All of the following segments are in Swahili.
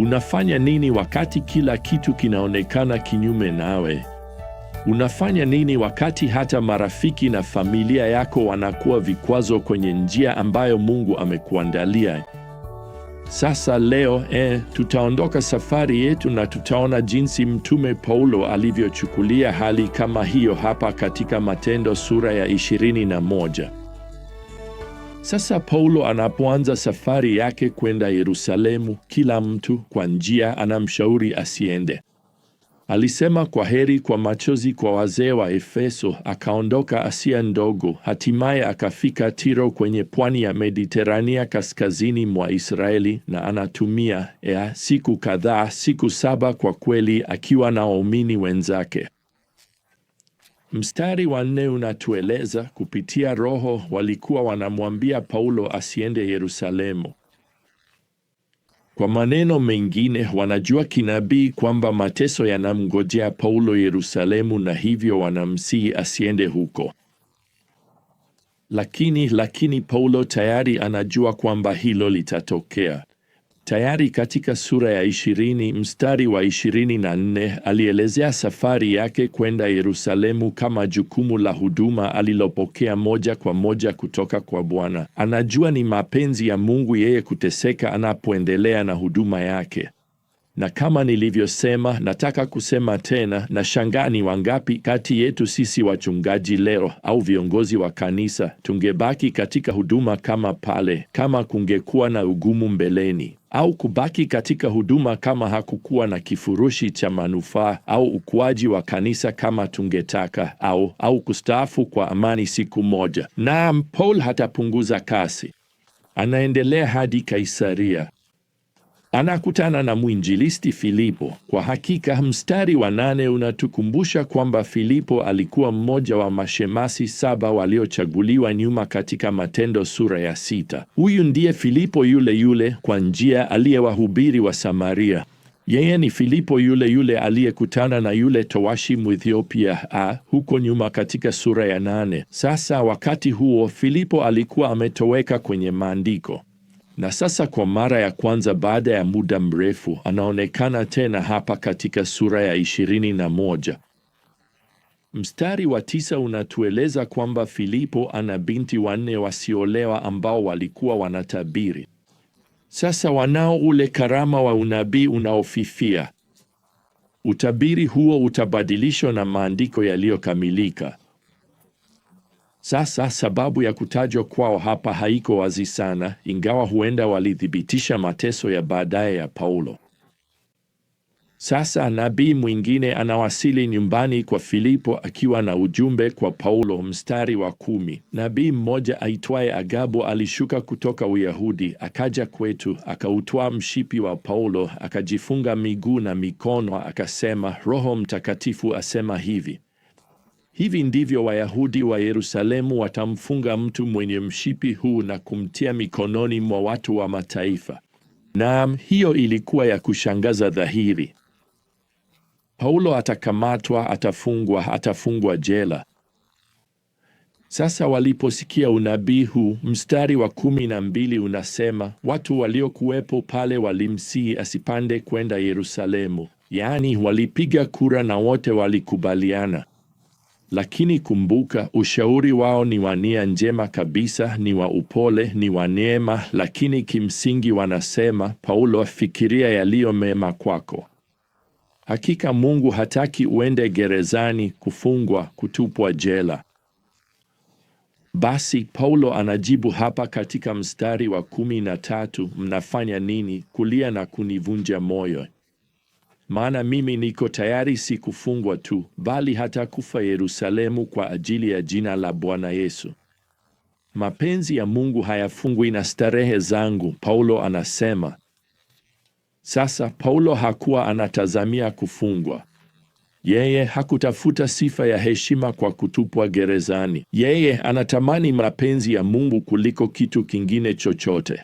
Unafanya nini wakati kila kitu kinaonekana kinyume nawe? Unafanya nini wakati hata marafiki na familia yako wanakuwa vikwazo kwenye njia ambayo Mungu amekuandalia? Sasa leo eh, tutaondoka safari yetu na tutaona jinsi Mtume Paulo alivyochukulia hali kama hiyo hapa katika Matendo sura ya 21. Sasa Paulo anapoanza safari yake kwenda Yerusalemu, kila mtu kwa njia anamshauri asiende. Alisema kwa heri kwa machozi kwa wazee wa Efeso, akaondoka Asia Ndogo, hatimaye akafika Tiro kwenye pwani ya Mediterania kaskazini mwa Israeli, na anatumia ya siku kadhaa, siku saba kwa kweli, akiwa na waumini wenzake. Mstari wa nne unatueleza kupitia Roho walikuwa wanamwambia Paulo asiende Yerusalemu. Kwa maneno mengine, wanajua kinabii kwamba mateso yanamngojea Paulo Yerusalemu, na hivyo wanamsihi asiende huko. Lakini lakini Paulo tayari anajua kwamba hilo litatokea. Tayari katika sura ya ishirini mstari wa ishirini na nne alielezea safari yake kwenda Yerusalemu kama jukumu la huduma alilopokea moja kwa moja kutoka kwa Bwana. Anajua ni mapenzi ya Mungu yeye kuteseka anapoendelea na huduma yake. Na kama nilivyosema, nataka kusema tena, nashangaa ni wangapi kati yetu sisi wachungaji leo au viongozi wa kanisa tungebaki katika huduma kama pale, kama kungekuwa na ugumu mbeleni, au kubaki katika huduma kama hakukuwa na kifurushi cha manufaa au ukuaji wa kanisa kama tungetaka, au au kustaafu kwa amani siku moja. Naam, Paul hatapunguza kasi, anaendelea hadi Kaisaria. Anakutana na mwinjilisti Filipo. Kwa hakika, mstari wa nane unatukumbusha kwamba Filipo alikuwa mmoja wa mashemasi saba waliochaguliwa nyuma katika Matendo sura ya sita. Huyu ndiye Filipo yule yule kwa njia aliyewahubiri wa Samaria. Yeye ni Filipo yule yule aliyekutana na yule towashi Mwethiopia a huko nyuma katika sura ya nane. Sasa wakati huo Filipo alikuwa ametoweka kwenye maandiko. Na sasa kwa mara ya kwanza baada ya muda mrefu anaonekana tena hapa katika sura ya 21 Mstari wa tisa unatueleza kwamba Filipo ana binti wanne wasiolewa ambao walikuwa wanatabiri. Sasa wanao ule karama wa unabii unaofifia. Utabiri huo utabadilishwa na maandiko yaliyokamilika. Sasa sababu ya kutajwa kwao hapa haiko wazi sana, ingawa huenda walithibitisha mateso ya baadaye ya Paulo. Sasa nabii mwingine anawasili nyumbani kwa Filipo akiwa na ujumbe kwa Paulo. Mstari wa kumi, nabii mmoja aitwaye Agabo alishuka kutoka Uyahudi akaja kwetu, akautwaa mshipi wa Paulo, akajifunga miguu na mikono, akasema, Roho Mtakatifu asema hivi Hivi ndivyo Wayahudi wa Yerusalemu watamfunga mtu mwenye mshipi huu na kumtia mikononi mwa watu wa mataifa. Naam, hiyo ilikuwa ya kushangaza dhahiri. Paulo atakamatwa, atafungwa, atafungwa jela. Sasa waliposikia unabii huu, mstari wa kumi na mbili unasema watu waliokuwepo pale walimsihi asipande kwenda Yerusalemu, yaani walipiga kura na wote walikubaliana. Lakini kumbuka, ushauri wao ni wa nia njema kabisa, ni wa upole, ni wa neema, lakini kimsingi wanasema, Paulo, fikiria yaliyo mema kwako. Hakika Mungu hataki uende gerezani, kufungwa, kutupwa jela. Basi Paulo anajibu hapa katika mstari wa kumi na tatu, mnafanya nini kulia na kunivunja moyo? Maana mimi niko tayari si kufungwa tu, bali hata kufa Yerusalemu kwa ajili ya jina la Bwana Yesu. Mapenzi ya Mungu hayafungwi na starehe zangu, Paulo anasema. Sasa Paulo hakuwa anatazamia kufungwa. Yeye hakutafuta sifa ya heshima kwa kutupwa gerezani. Yeye anatamani mapenzi ya Mungu kuliko kitu kingine chochote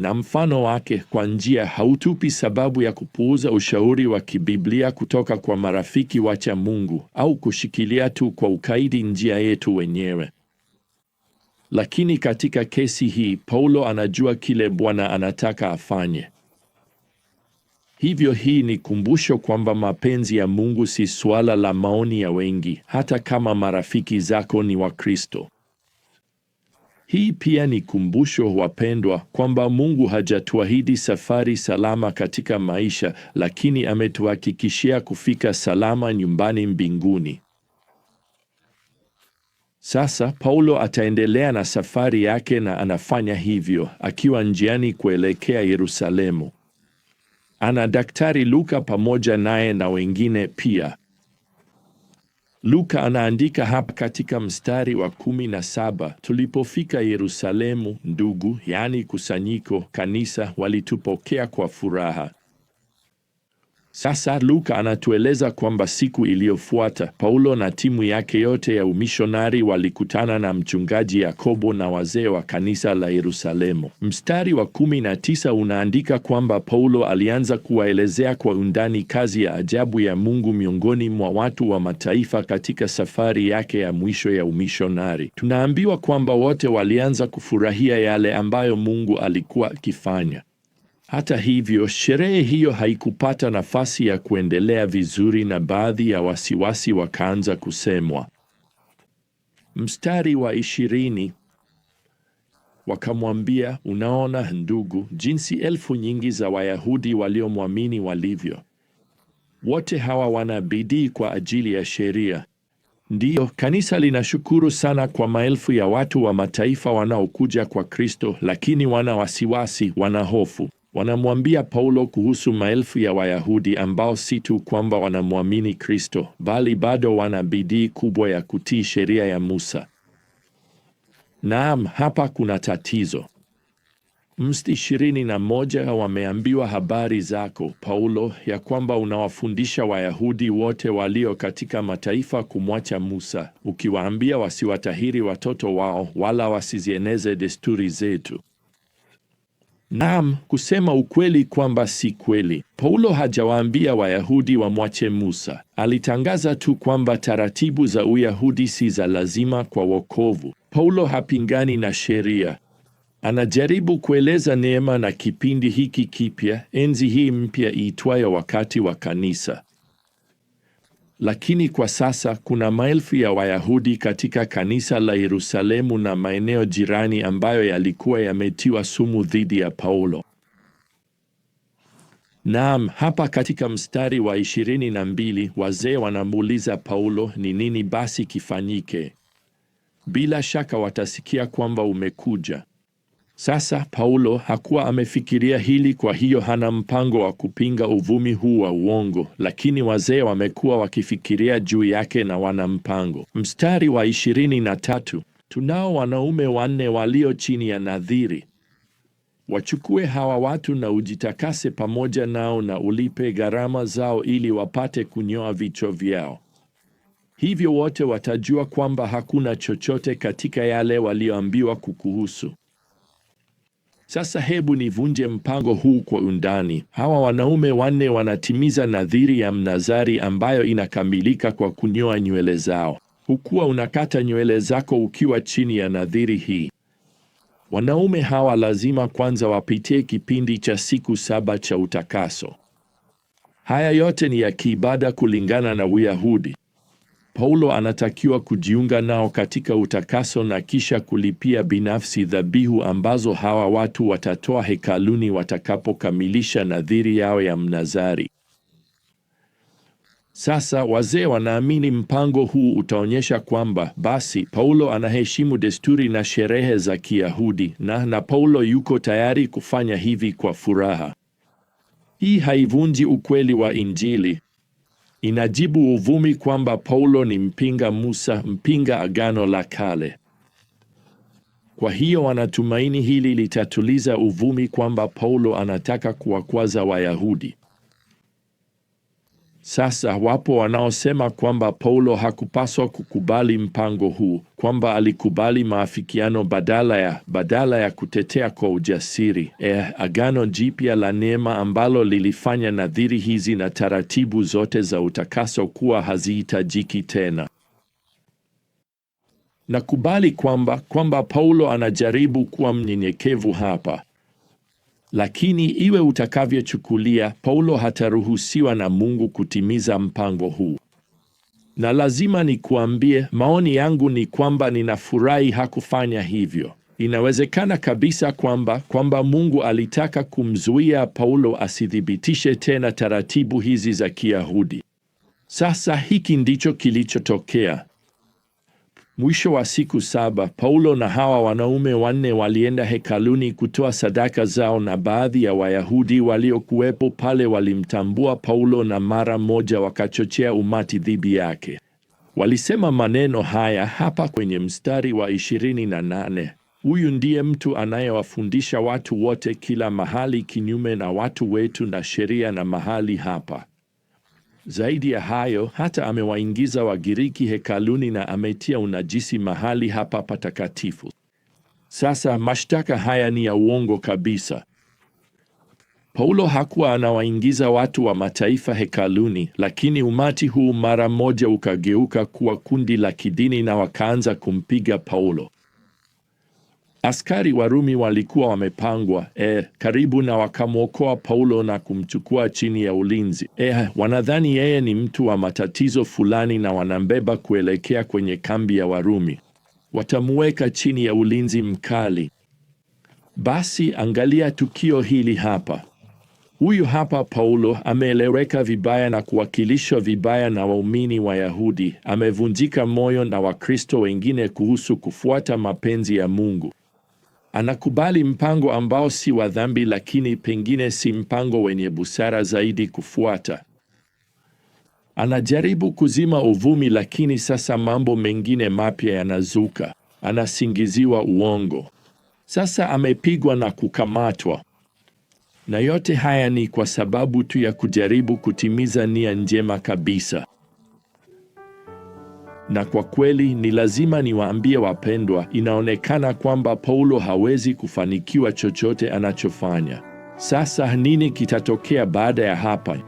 na mfano wake kwa njia hautupi sababu ya kupuuza ushauri wa kibiblia kutoka kwa marafiki wacha Mungu au kushikilia tu kwa ukaidi njia yetu wenyewe. Lakini katika kesi hii Paulo anajua kile Bwana anataka afanye. Hivyo hii ni kumbusho kwamba mapenzi ya Mungu si suala la maoni ya wengi, hata kama marafiki zako ni Wakristo. Hii pia ni kumbusho, wapendwa, kwamba Mungu hajatuahidi safari salama katika maisha, lakini ametuhakikishia kufika salama nyumbani mbinguni. Sasa Paulo ataendelea na safari yake na anafanya hivyo akiwa njiani kuelekea Yerusalemu. Ana Daktari Luka pamoja naye na wengine pia. Luka anaandika hapa katika mstari wa kumi na saba, tulipofika Yerusalemu, ndugu, yaani kusanyiko, kanisa, walitupokea kwa furaha sasa Luka anatueleza kwamba siku iliyofuata Paulo na timu yake yote ya umishonari walikutana na mchungaji Yakobo na wazee wa kanisa la Yerusalemu. Mstari wa 19 unaandika kwamba Paulo alianza kuwaelezea kwa undani kazi ya ajabu ya Mungu miongoni mwa watu wa mataifa katika safari yake ya mwisho ya umishonari. Tunaambiwa kwamba wote walianza kufurahia yale ambayo Mungu alikuwa akifanya. Hata hivyo, sherehe hiyo haikupata nafasi ya kuendelea vizuri na baadhi ya wasiwasi wakaanza kusemwa. Mstari wa ishirini wakamwambia, unaona ndugu, jinsi elfu nyingi za Wayahudi waliomwamini walivyo. Wote hawa wana bidii kwa ajili ya sheria. Ndiyo, kanisa linashukuru sana kwa maelfu ya watu wa mataifa wanaokuja kwa Kristo, lakini wana wasiwasi, wana hofu. Wanamwambia Paulo kuhusu maelfu ya Wayahudi ambao si tu kwamba wanamwamini Kristo, bali bado wana bidii kubwa ya kutii sheria ya Musa. Naam, hapa kuna tatizo. msti ishirini na moja wameambiwa habari zako Paulo, ya kwamba unawafundisha Wayahudi wote walio katika mataifa kumwacha Musa, ukiwaambia wasiwatahiri watoto wao wala wasizieneze desturi zetu. Naam, kusema ukweli kwamba si kweli. Paulo hajawaambia Wayahudi wamwache Musa. Alitangaza tu kwamba taratibu za Uyahudi si za lazima kwa wokovu. Paulo hapingani na sheria. Anajaribu kueleza neema na kipindi hiki kipya, enzi hii mpya iitwayo wakati wa kanisa. Lakini kwa sasa kuna maelfu ya Wayahudi katika kanisa la Yerusalemu na maeneo jirani ambayo yalikuwa yametiwa sumu dhidi ya Paulo. Naam, hapa katika mstari wa 22 wazee wanamuuliza Paulo, ni nini basi kifanyike? Bila shaka watasikia kwamba umekuja. Sasa Paulo hakuwa amefikiria hili, kwa hiyo hana mpango wa kupinga uvumi huu wa uongo, lakini wazee wamekuwa wakifikiria juu yake na wana mpango. Mstari wa ishirini na tatu: tunao wanaume wanne walio chini ya nadhiri, wachukue hawa watu na ujitakase pamoja nao na ulipe gharama zao, ili wapate kunyoa vichwa vyao. Hivyo wote watajua kwamba hakuna chochote katika yale walioambiwa kukuhusu. Sasa hebu nivunje mpango huu kwa undani. Hawa wanaume wanne wanatimiza nadhiri ya Mnazari ambayo inakamilika kwa kunyoa nywele zao. Hukuwa unakata nywele zako ukiwa chini ya nadhiri hii. Wanaume hawa lazima kwanza wapitie kipindi cha siku saba cha utakaso. Haya yote ni ya kiibada kulingana na Uyahudi. Paulo anatakiwa kujiunga nao katika utakaso na kisha kulipia binafsi dhabihu ambazo hawa watu watatoa hekaluni watakapokamilisha nadhiri yao ya mnazari. Sasa wazee wanaamini mpango huu utaonyesha kwamba basi Paulo anaheshimu desturi na sherehe za Kiyahudi na na Paulo yuko tayari kufanya hivi kwa furaha. Hii haivunji ukweli wa Injili inajibu uvumi kwamba Paulo ni mpinga Musa, mpinga Agano la Kale. Kwa hiyo wanatumaini hili litatuliza uvumi kwamba Paulo anataka kuwakwaza Wayahudi. Sasa wapo wanaosema kwamba Paulo hakupaswa kukubali mpango huu, kwamba alikubali maafikiano badala ya badala ya kutetea kwa ujasiri eh, agano jipya la neema ambalo lilifanya nadhiri hizi na taratibu zote za utakaso kuwa hazihitajiki tena. Nakubali kwamba kwamba Paulo anajaribu kuwa mnyenyekevu hapa. Lakini iwe utakavyochukulia, Paulo hataruhusiwa na Mungu kutimiza mpango huu. Na lazima nikuambie, maoni yangu ni kwamba ninafurahi hakufanya hivyo. Inawezekana kabisa kwamba kwamba Mungu alitaka kumzuia Paulo asithibitishe tena taratibu hizi za Kiyahudi. Sasa hiki ndicho kilichotokea. Mwisho wa siku saba, Paulo na hawa wanaume wanne walienda hekaluni kutoa sadaka zao, na baadhi ya Wayahudi waliokuwepo pale walimtambua Paulo na mara moja wakachochea umati dhidi yake. Walisema maneno haya hapa kwenye mstari wa 28: huyu ndiye mtu anayewafundisha watu wote kila mahali, kinyume na watu wetu na sheria na mahali hapa. Zaidi ya hayo, hata amewaingiza Wagiriki hekaluni na ametia unajisi mahali hapa patakatifu. Sasa mashtaka haya ni ya uongo kabisa. Paulo hakuwa anawaingiza watu wa mataifa hekaluni, lakini umati huu mara moja ukageuka kuwa kundi la kidini na wakaanza kumpiga Paulo. Askari Warumi walikuwa wamepangwa e, karibu na wakamwokoa Paulo na kumchukua chini ya ulinzi e, wanadhani yeye ni mtu wa matatizo fulani na wanambeba kuelekea kwenye kambi ya Warumi. Watamuweka chini ya ulinzi mkali. Basi angalia tukio hili hapa. Huyu hapa Paulo ameeleweka vibaya na kuwakilishwa vibaya na waumini Wayahudi. Amevunjika moyo na Wakristo wengine kuhusu kufuata mapenzi ya Mungu anakubali mpango ambao si wa dhambi, lakini pengine si mpango wenye busara zaidi kufuata. Anajaribu kuzima uvumi, lakini sasa mambo mengine mapya yanazuka. Anasingiziwa uongo, sasa amepigwa na kukamatwa, na yote haya ni kwa sababu tu ya kujaribu kutimiza nia njema kabisa. Na kwa kweli ni lazima niwaambie wapendwa, inaonekana kwamba Paulo hawezi kufanikiwa chochote anachofanya. Sasa nini kitatokea baada ya hapa?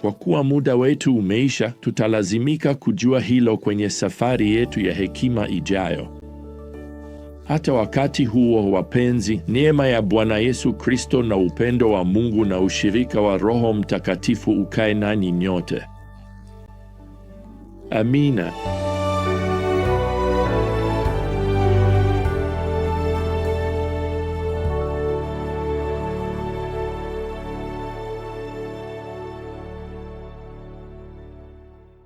Kwa kuwa muda wetu umeisha, tutalazimika kujua hilo kwenye safari yetu ya hekima ijayo. Hata wakati huo, wapenzi, neema ya Bwana Yesu Kristo na upendo wa Mungu na ushirika wa Roho Mtakatifu ukae nanyi nyote. Amina